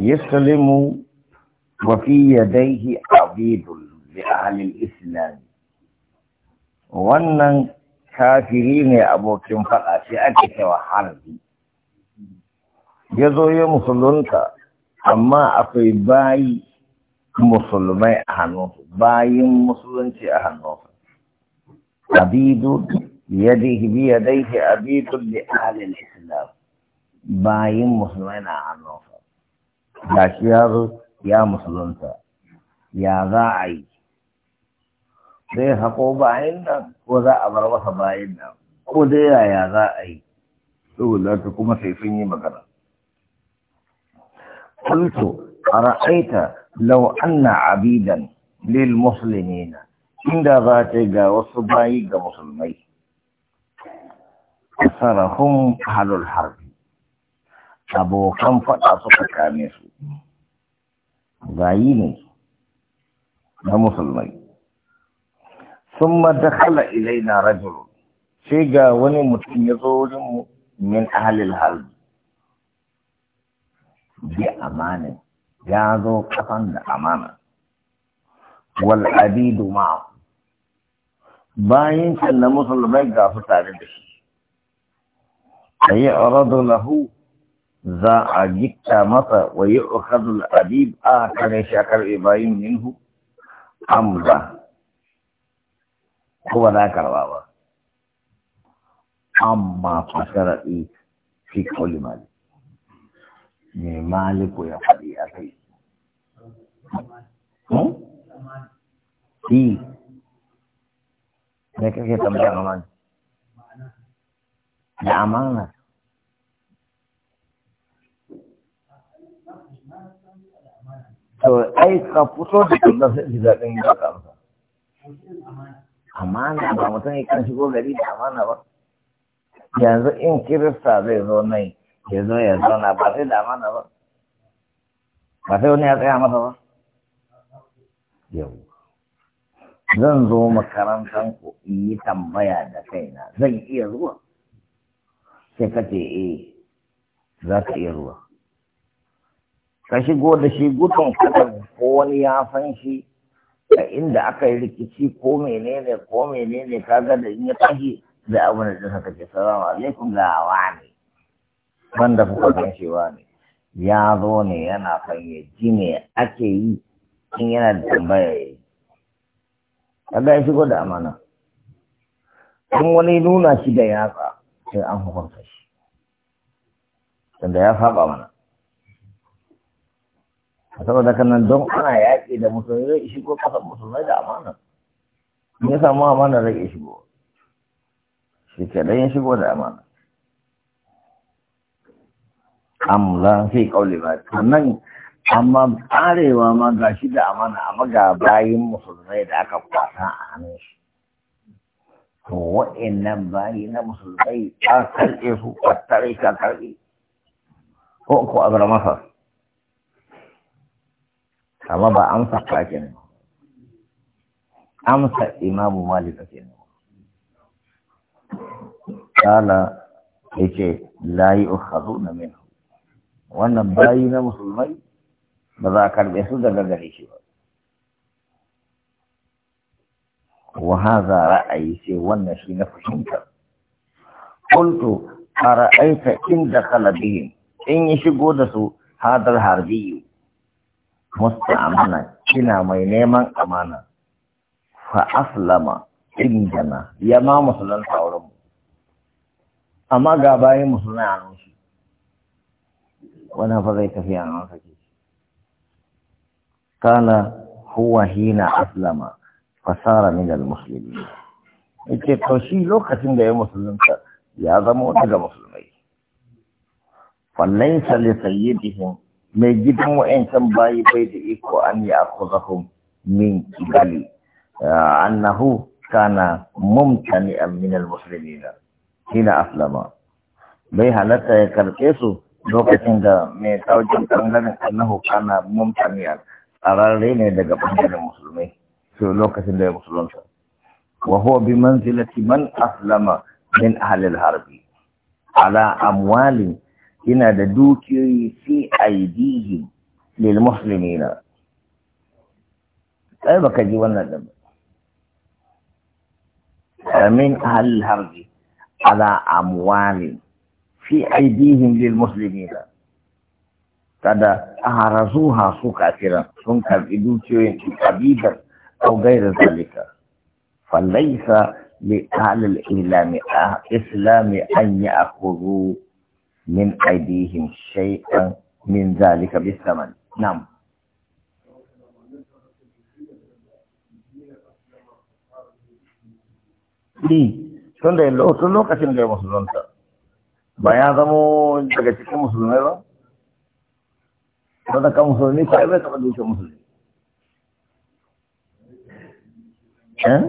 يسلم وفي يديه عبيد لأهل الإسلام wannan kafiri ne abokin faɗa shi ake cewa harbi ya zo ya musulunta amma akwai bayi musulmai a hannunsu bayin musulunci a hannunsu abidu yadihi bi yadaihi abidu li ahli islam bayin musulmai na hannu داشیار یا مسلمتا یا ذاعی دے حقو باہن و ذا عبر و حبائن او دے را یا ذاعی تو اللہ تکم سیفینی مگر قلتو ارائیتا لو ان عبیدا للمسلمین عند ذات جا وصبائی جا مسلمی اثرهم حل الحربی abokan faɗa suka kame su gayi ne na musulmai sun madakala ilaina rajulu sai ga wani mutum ya zo wurin min ahalil halbi bi amana ya zo kafan da amana wal abidu ma bayan can na musulmai ga su tare da shi ayi aradu lahu za a gikta masa wa yi ukhadul adib a kare shakar ibrahim minhu amza ko ba za karba ba amma fasara'i fi kauli malik me maliku ya faɗi a kai Fi, ne kake tambaya a Da amana. to ai ka fito da kullum sai ji daɗin ba ka amsa amana ba mutum ya kan shigo gari da amana ba yanzu in kirista zai zo nai, ya zo ya zauna ba sai da amana ba ba sai wani ya tsaya masa ba yau zan zo makarantar ku in yi tambaya da kaina zan iya zuwa sai ka ce eh za ka iya zuwa ka shigo da shi gudun kada ko wani ya san shi a inda aka yi rikici ko menene ko menene kaga da in ya tashi da abu da jinsa kake salamu alaikum ga wani wanda kuka san shi ne ya zo ne yana fanye ji ne ake yi in yana da tambaya ya yi kaga ya shigo da amana in wani nuna shi da yatsa sai an hukunta shi tunda ya saba mana saboda kan nan don ana yaƙi da musulmi zai shigo ƙasar musulmai da amana ya samu amana zai iya shigo shi ke ya shigo da amana amma fi kauli ba sannan amma arewa ma ga shi da amana amma ga bayin musulmai da aka kwasa a hannun shi to wa'annan bayi na musulmai a karɓe su a tare ka karɓe ko ko a masar amma ba amsa kakin amsa imamu ba kenan kala layi la na minhu wannan bayi na musulmai ba za a karbe su daga gare shi ba wa hadha ra'ayi sai wannan shi na fahimta ara ara'aita in dakhala bihim in ya shigo da su hadar harbiyu musta amana kina mai neman amana fa aslama indana ya ma musulun sauran mu amma ga bayan musulun a nan shi wani fa zai tafi a nan sake kana huwa hina aslama fasara min al-muslimin yace to shi lokacin da ya musulunta ya zama daga musulmai fallaisa li sayyidihim mai gidan wa'ancan bayi bai da iko an yi akuzahum min kibali ah, annahu kana mumtani'an Musulmi, shi na aslama bai halatta ya karɓe su lokacin da mai saukin ɓangaren annahu kana mumtani'an tsararre ne daga ɓangaren musulmi. su lokacin da ya musulunta wa huwa bi manzilati man aslama min ahli harbi ala amwalin yana da dukiyoyi fi aidihi lil muslimina ai baka ji wannan da ba amin ahli harbi ala amwali fi aidihim lil muslimina kada aharazuha su kafiran sun karbi dukiyoyin kabilar au gairar zalika falaisa li لأهل الإسلام islam an ya'khudhu min aidihim shay'an min zalika bisaman na'am Ni, tun da tun lokacin da ya musulunta, ba ya zamo daga cikin musulmai ba? Sadaka musulmi ta bai taɓa dukkan musulmi. Eh?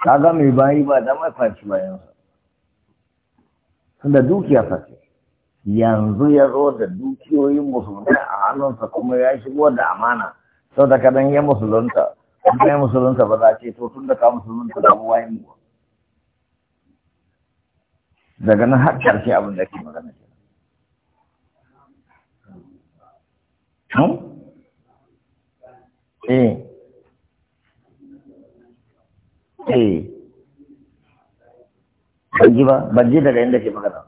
Ka ga mai bayi ba da mai faci bayansa. tunda dukiya sace, yanzu ya zo da dukiyoyin musulunta a hannunsa kuma ya shigo da amana sau da kadan ya musulunta in ya musulunta ba za ce to tun da ka musulunta da mu wayan mu daga nan har karshe abin da ke magana ke hmm? eh eh ban ba ban ji daga inda ke magana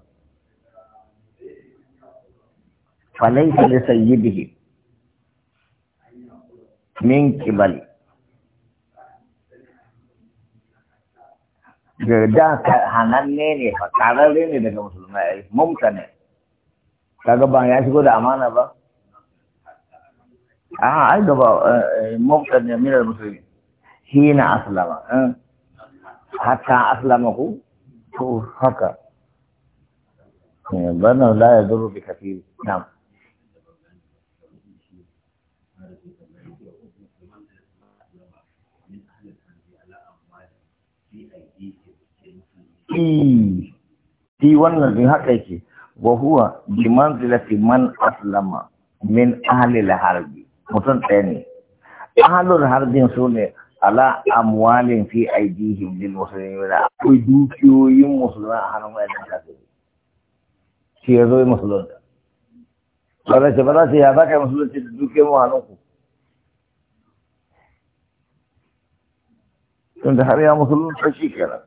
falaisa li sayyidihi min kibali da hananne ne fa kararre ne daga musulmai mumta ne kaga ba ya shigo da amana ba a ai gaba eh, eh, mumta ne min al-muslimin hina aslama eh. hatta aslama ku to haka eh, wannan laye ya zuru bi kafi nam ti wannan din haka yake wa huwa bi manzilati man aslama min ahli al-harbi mutum ɗaya ne al-harbi su ala amwalin fi aidihim lil muslimin akwai dukiyoyin musulman a hannun wayan kafiri shi ya zo musulman ba ce ba za ta yi haɗa kai musulman musulunci da dukiyoyin mu hannun ku tun da har ya musulun ta shi kenan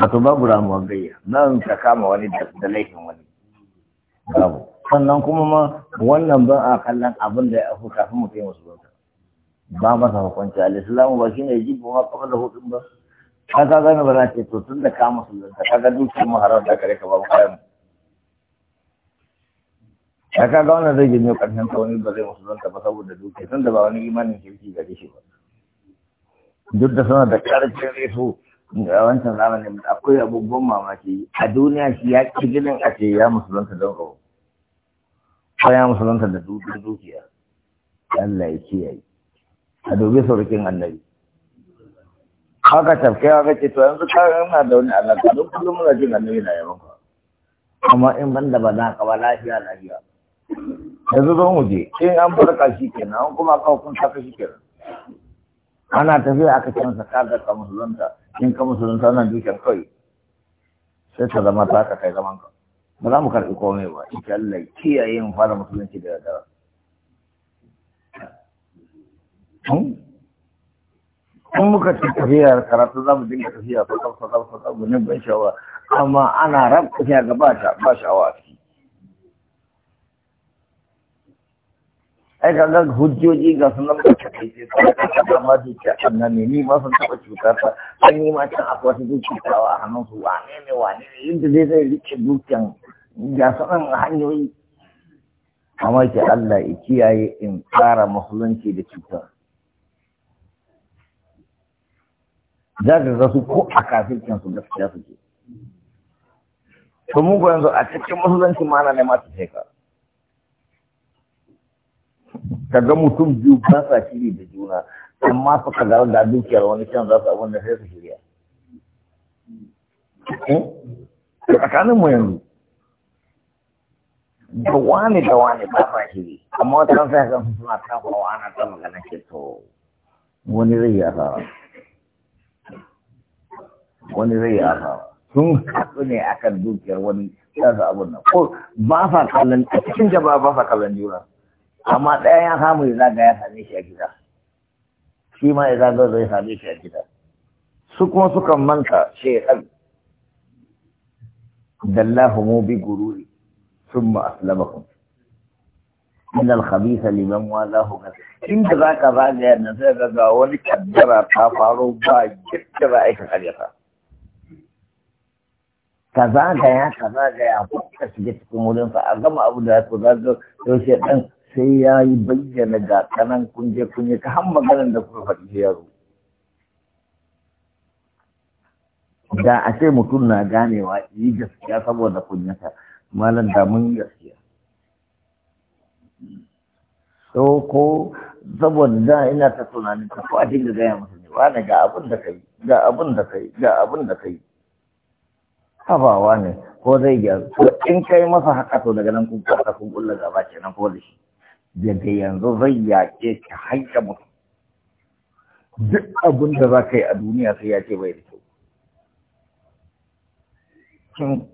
wato babu ramuwa gayya nan ta kama wani da laifin wani babu sannan kuma ma wannan ban a kallon abin da ya afu kafin mutum musulman musulunta ba masa hukunci al-islamu ba shine yajibu ma da hudun ba ka ka gane ba za ce to tun da ka musulunta ka ga dukkan maharar da kare ka ba mu kayan ka ka ga wannan zai a karshen ta wani ba zai musulunta ba saboda dukkan tun da ba wani imanin kirki ga shi ba duk da suna da karfin reso a wancan zamanin akwai abubuwan mamaki a duniya shi ya ƙi ginin a ce ya musulunta don kawo ko ya musulunta da dukiya, Allah ya kiyaye a dubi surukin annabi haka tafke haka ce to yanzu ka yana da wani alaƙa don kullum muna jin annabi na yaban ka amma in ban da ba za ka ba lafiya lafiya yanzu zo mu je in an farka shi kenan an kuma ka kun saka shi kenan ana tafiya aka ce masa ka ga ka musulunta in ka musulunta nan dukan kawai sai ta zama ta ka kai zaman ka ba za mu karɓi komai ba in Allah kiyaye mu fara musulunci da yadda Hmm? in muka ci tafiya karatu za mu dinga tafiya ta tsaf tsaf ta ne ban shawa amma ana rab tafiya ga ba ta ba shawa ai kaga hujjoji ga sunan ba ta kai sai ka ta ma dukiya annan ne ni ba sun taba cuta ta an yi ma can akwai wata dukiyawa a hannun su wane ne wane ne yadda zai zai rike dukkan ga sunan hanyoyi amma ke Allah ya kiyaye in tsara musulunci da cutar za ka ga su ko a kafircin su gaskiya suke to mun ko yanzu a cikin musulunci ma na ne ma ta ka ka ga mutum biyu ba sa shiri da juna amma fa ka ga da dukiyar wani can za su abin da sai su shirya eh? tsakanin mu yanzu da wani da wani ba sa shiri amma wata kan sai kan suna tafawa ana ta magana ce to wani zai yi asara wani zai yafa sun haɗu ne akan dukiyar wani yasa abun nan ko ba sa kallon a cikin jaba ba sa kallon juna amma ɗaya ya samu ya zaga ya same shi a gida shi ma ya zaga zai same shi a gida su kuma sukan manta shekan dallahu mu bi gururi ثم أسلمهم In da zaka والاه إن ذاك ذاك wani kaddara ta الدرى ba gidda ba aika karyata. ka zagaya ka zagaya ko ka shiga cikin wurin sa a gama abu da ku zaga shi ɗan sai ya yi bayyana ga kanan kunje kunje ka har maganar da kuma faɗi yaro da a ce mutum na ganewa yi gaskiya saboda kunyata malam da mun gaskiya so ko saboda da ina ta tunanin ta ko a dinga gaya masa ne wani ga abin da kai ga abin da kai ga abin da kai habawa ne ko zai gyaru in kai masa haka to daga nan kun kwata kun kulla gaba kenan ko da shi daga yanzu zai yaƙe ka haƙa mutum duk abin da za ka yi a duniya sai ya ce bai da kyau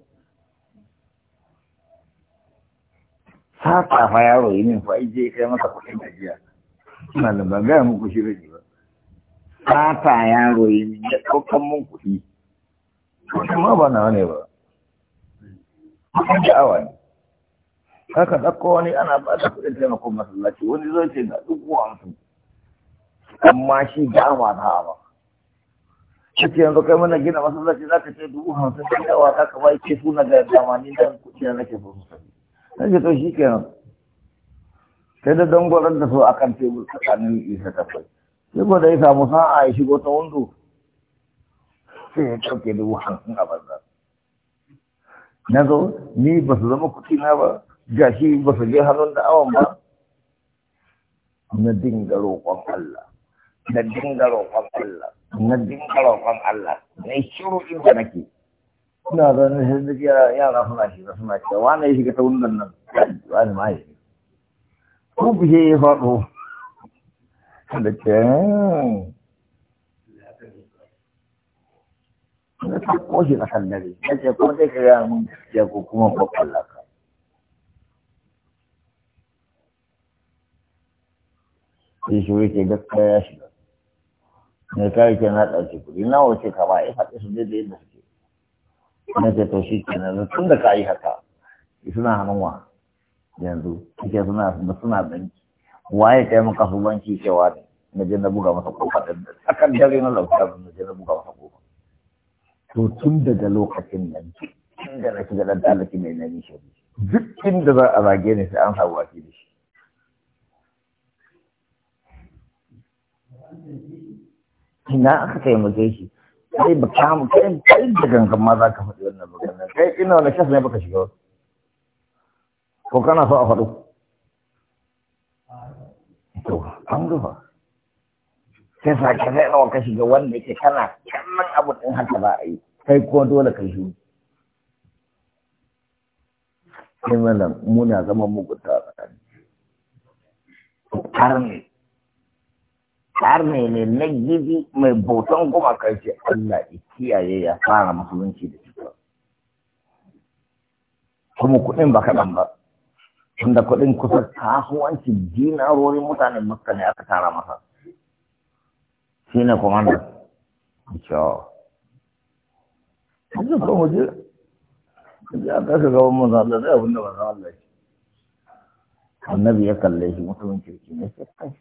saka fa yaro yi min fa ije kai masa kuɗin ajiya ina da ban gaya muku shi rage ba sata yaro yi min ya ɗaukan mun kuɗi kuma ba na ne ba kuma sha'awa ne haka ɗauko wani ana ba da kuɗin taimakon masallaci wani zai ce na duk hamsin amma shi ga ma ta ba kace yanzu kai mana gina masallaci za ka ce dubu hamsin da yawa za ka bai ke suna ga dama ni dan kuɗi na nake so su sani na ce to shi kenan sai da dangwarar da so akan tebur tsakanin isa ta kai sai ba da ya samu sa'a ya shigo ta wando sai ya ɗauke dubu hamsin a banza na zo ni ba su zama kuɗi na ba gashi ba su je hannun da awon ba na dinga roƙon Allah na dinga roƙon Allah na dinga roƙon Allah na shiru inda nake ina zaune sai da yara suna shi, shiga suna cewa wani ya shiga ta wundan nan wani ma ya shiga ko bishe ya faɗo da ce hmm. na ta koshi kasan dare ya ce ko sai ka gaya mun gaskiya ko kuma kwakwalla ka sai shi wuce ke gaskiya ya shiga ne kai ke na ɗauki kuɗi na wuce ka ba ya faɗi su da yadda suke na ce to shi ke nan tun da ka yi haka suna hannuwa yanzu suke suna suna banki waye kai maka su banki cewa ne na je na buga masa kofa da tsakan dare na lauta na je na buga masa to tun daga lokacin nan tun da na shiga ɗan talaki mai na nishe duk inda za a zage ni sai an samu waki da shi ina aka taimake shi kai ba ka mu kai kai da gangan ma za ka faɗi wannan maganar kai ina wani shas ne baka shiga wasu ko kana so a faɗo to an gaba sai sake zai rawa ka shiga wanda yake kana kallon abu ɗin haka ba a yi kai ko dole ka shi sai mana muna zama mugunta a tsakani karne karne ne na gidi mai bautan goma karshe Allah ya kiyaye ya fara musulunci da cuta kuma kuɗin ba kaɗan ba tunda kuɗin kusa kasuwancin dinarorin mutanen makka ne aka tara masa shi ne komanda kyau hajji ko waje ya kasa gaban manzo Allah zai abin da za Allah shi annabi ya kalle shi mutumin kirki ne sai kai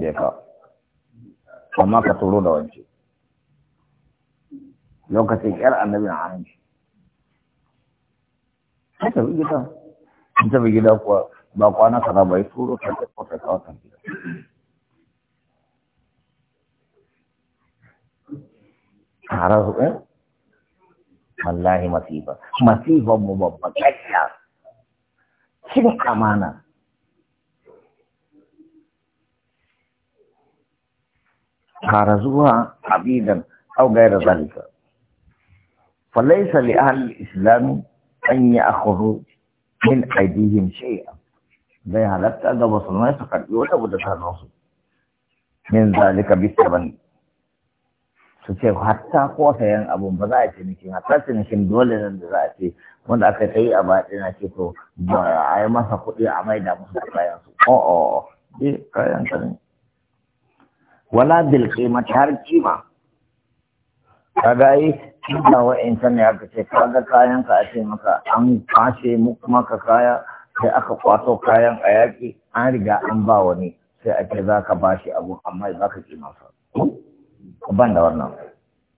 da ka amma ka turo da wance lokacin yar annabi na hannun shi ka tafi gida ka tafi gida kuwa ba kwana kana bai turo ka tafi ta gida حرزوها والله عبيدا او غير ذلك فليس لاهل الاسلام ان ياخذوا من ايديهم شيئا زي هذا قبل وصلنا فقد عليه وسلم من ذلك بالثمن su ce hatta ko sayan abun ba za a ciniki hatta cinikin dole nan da za a ce wanda aka kai a ba na ce to ba a yi masa kuɗi a maida musu kayan su o oh, o oh, oh. eh kayan ka ne wala bil kima har kima yi kima wa wa'incan ya aka ce ga kayan ka a ce maka an kwashe maka kaya sai aka kwato kayan a yaki, an riga an ba wani sai a ce za ka bashi abu amma za ka kima masa ban da wannan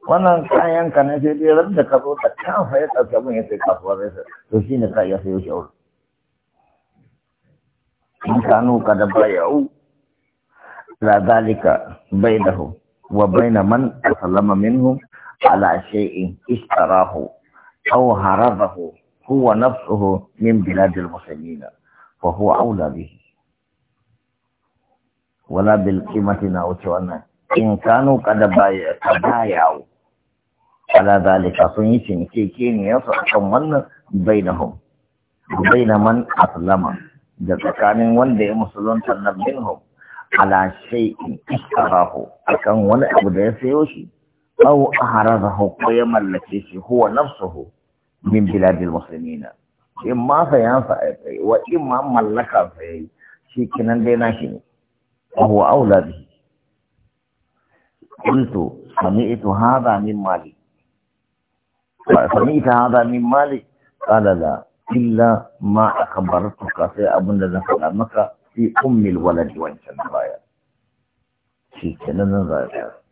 wannan kayan ka ne sai dai ran da ka zo da kafa ya ɗauke mun ya sai kasuwa zai to shi ne ka iya sai shi aure in ka da bayau la zalika bainahu wa baina man sallama minhum ala shay'in ishtarahu aw harabahu huwa nafsuhu min biladil muslimin fa huwa aula bihi wala bil qimati na wuce wannan in kanu kada baya yawo ala zalika sun yi cinike ya a kan wannan bainahum man aslama da tsakanin wanda ya musulunta na hu ala in ishtarahu akan wani abu da ya sayo shi aw aharazahu ko ya mallake shi huwa nafsuhu min biladil muslimina in ma sayansa a tsaye wa in ma mallaka tsaye shi kinan dai na shi ne huwa aula bihi قلت سمعت هذا من مالي سمعت هذا من مالي قال لا إلا ما أخبرتك في أبن ذكر مكة في أم الولد وإن شاء الله في كنا نظر